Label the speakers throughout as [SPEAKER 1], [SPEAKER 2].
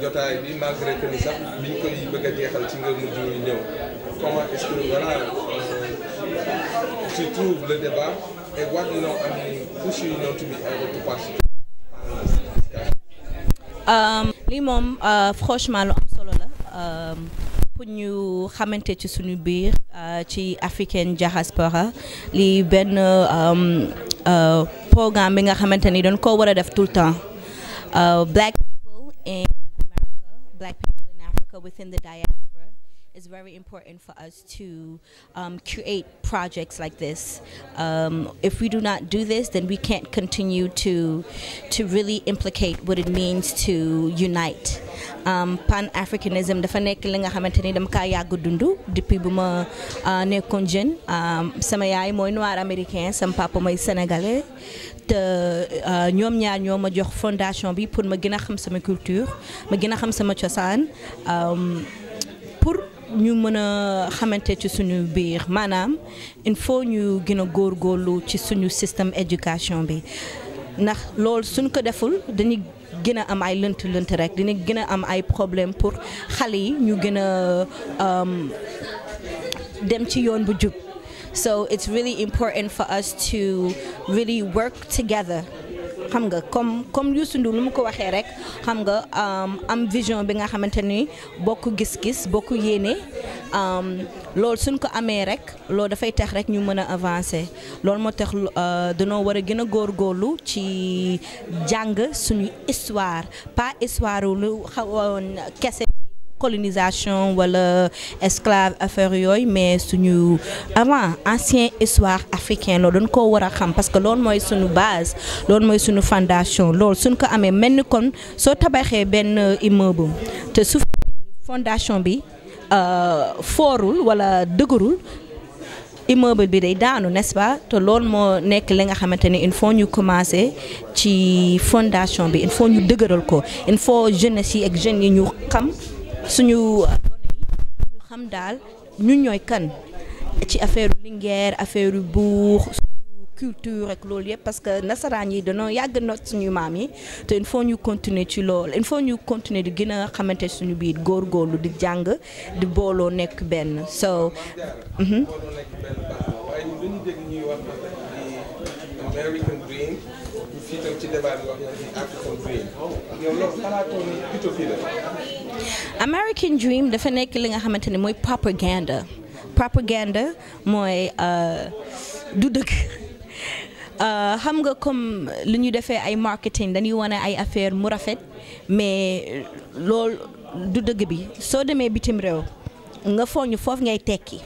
[SPEAKER 1] jotaay bi malgré que ni sax biñ koy bëgg a jeexal ci nga mujj ñëw comment est-ce que voilà tu euh, trouves le débat et what you know I mean you know to be able to pass. Euh, mom euh, franchement lu am solo la euh, pour ñu xamanté ci suñu biir ci African Diaspora lii benn programme bi nga xamanté ni dañ ko wara def tout le temps black people within the diaspora it's very important for us to um, create projects like this. Um, if we do not do this, then we can't continue to to really implicate what it means to unite. Um, Pan Africanism The fanekilinga li the xamante ni dama kaa yàgg dund depuis bu ma uh, nekkoon um, papa mooy sénégalais te uh, ñoom ñaar ñoo ma jox fondation bi pour ma gën a xam sama culture ma gën a ñu mën a xamante ci suñu biir maanaam il faut ñu gën a góorgóorlu ci suñu système éducation bi ndax loolu suñ ko deful dañuy gën a am ay lënt lënt rek dañuy gën a am ay problème pour xale ñu gën a um, dem ci yoon bu so it's really important for us to really work together xam nga comme comme Youssou Ndour lu mu ko waxee rek xam nga am vision bi nga xamante ni bokk gis-gis bokk yéene lool suñ ko amee rek loolu dafay tax rek ñu mën a avancer loolu moo tax euh, danoo war a gën a góorlu ci jàng suñu histoire pas histoire lu xawoon kese. colonisation ou esclaves, affaire mais mais suñu avant ancien histoire africain Lors d'un ko on a parce que base loolu c'est fondation Nous suñ ko kon immeuble te fondation bi euh, immeuble bi day daanu n'est-ce pas te Nous mo nek li nga xamanteni ñu fondation bi il faut ñu suñu euh, gone xam daal ñu ñooy kan ci affaire Linguère affaire buur suñu culture ak loolu yëpp parce que nasaraan yi dañoo yàgg not suñu maam yi te il faut ñu continuer ci loolu il faut ñu continuer di gën a xamante suñu biir góorgóorlu di jàng di booloo nekk benn so mhm. fii tam American Dream dafa nekk li nga xamante ne mooy propaganda propaganda mooy euh, du dëgg. Euh, xam nga comme li ñu defee ay marketing dañuy wane ay affaire mu rafet mais lool du dëgg bi soo demee bitim réew nga foog foofu ngay tekki.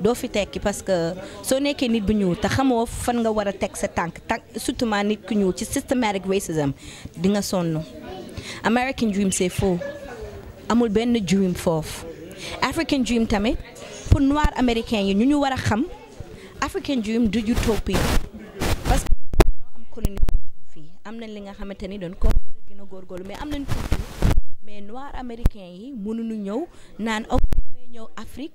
[SPEAKER 1] doo fi tekki parce que soo nekkee nit bu ñuul te xamoo fan nga war a teg sa tànk tànk surtout ma nit ku ñuul ci systematic racism di nga sonn American dream c'est faux amul benn dream foofu African dream tamit pour noir américain yi ñu ñu war a xam African dream ju utopie parce que dañoo am colonisation fii am nañ li nga xamante ni doon ko war a gën a góorgóorlu mais am nañ culture mais yi mënuñu ñëw naan ok damay ñëw Afrique.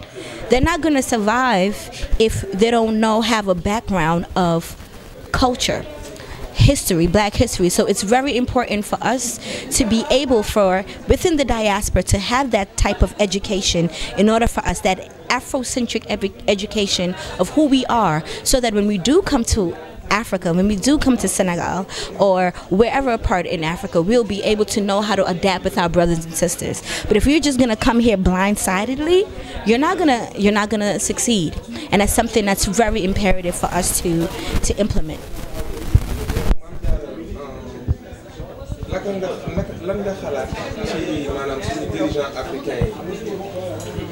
[SPEAKER 1] They're not going to survive if they don't know, have a background of culture history, black history. So it's very important for us to be able for within the diaspora to have that type of education in order for us that Afrocentric education of who we are so that when we do come to Africa, when we do come to Senegal or wherever part in Africa, we'll be able to know how to adapt with our brothers and sisters. But if you're just gonna come here blindsidedly, you're not gonna you're not gonna succeed. And that's something that's very imperative for us to to implement.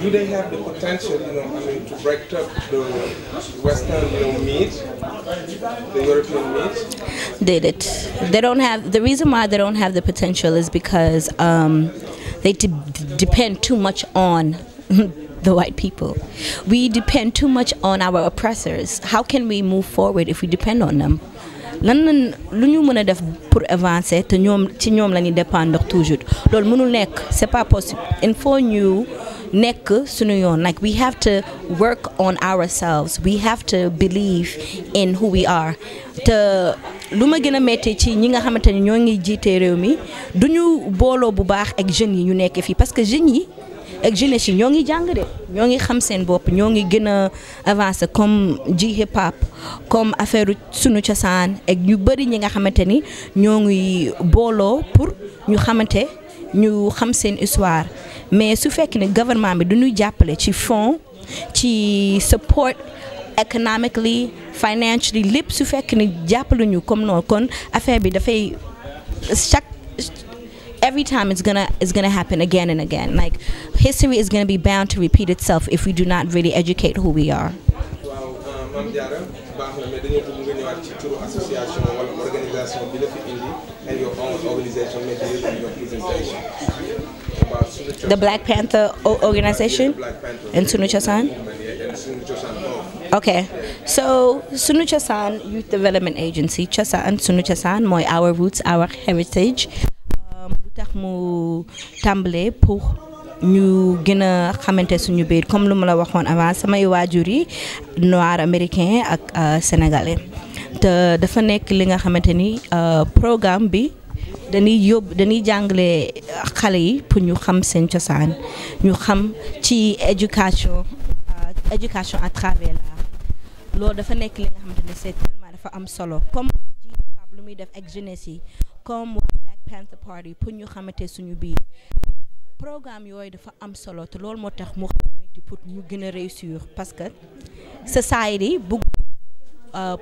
[SPEAKER 1] Do they have the potential, you know, I mean, to break up the Western, you know, the European needs? Did it. They don't have, the reason why they don't have the potential is because um, they de depend too much on the white people. We depend too much on our oppressors. How can we move forward if we depend on them? lan lan def pour avancer te ci dépendre toujours mënul nekk c'est pas possible il faut ñu nekk suñu yoon like we have to work on ourselves we have to believe in who we are te lu ma gën a métti ci ñi nga xamante ni ñoo ngi jiite réew mi duñu booloo bu baax ak jeunes yi ñu nekk fii parce que jeunes yi ak jeunesse yi ñoo ngi jàng de ñoo ngi xam seen bopp ñoo ngi gën a avancé comme ji hip hop comme affaire suñu cosaan ak ñu bëri ñi nga xamante ni ñoo ngi booloo pour ñu xamante ñu xam seen histoire mais su fekk ne gouvernement bi du ñuy jàppale ci fonds ci support economically financially lépp su fekk ni jàppaluñu comme noonu kon affaire bi dafay chaque. every time it's gonna it's gonna happen again and again. Like history is gonna be bound to repeat itself if we do not really educate who we are. Uh, and your your presentation. The Black Panther organization and Sunu Okay, so Sunu Chasan Youth Development Agency, Chasan Sunu Chasan, my our roots, our heritage. mu tàmbalee pour ñu gën a xamante suñu biir comme lu ma la waxoon avant samay waajur yi noir américain ak euh, sénégalais te dafa nekk li nga xamante ni euh, programme bi dañuy yóbbu dañuy jàngale xale yi pour ñu xam seen cosaan ñu xam ci éducation euh, éducation à travers l'art loolu dafa nekk li nga xamante ni c'est tellement dafa am solo comme lu muy def ak jeunesse yi comme Panther Party pour programme solo pour réussir parce que society bugg euh,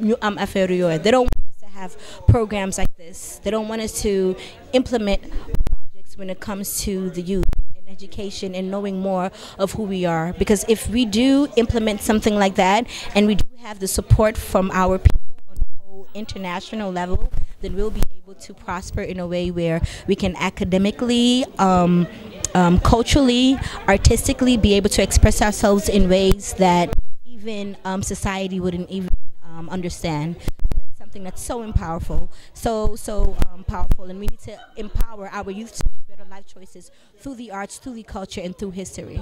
[SPEAKER 1] ñu am affaire they don't want us to have programs like this they don't want us to implement projects when it comes to the youth education and knowing more of who we are. Because if we do implement something like that and we do have the support from our people on a whole international level, then we'll be able to prosper in a way where we can academically, um, um, culturally, artistically be able to express ourselves in ways that even um, society wouldn't even um, understand. That's something that's so powerful, so, so um, powerful. And we need to empower our youth to make better life choices through the arts, through the culture, and through history.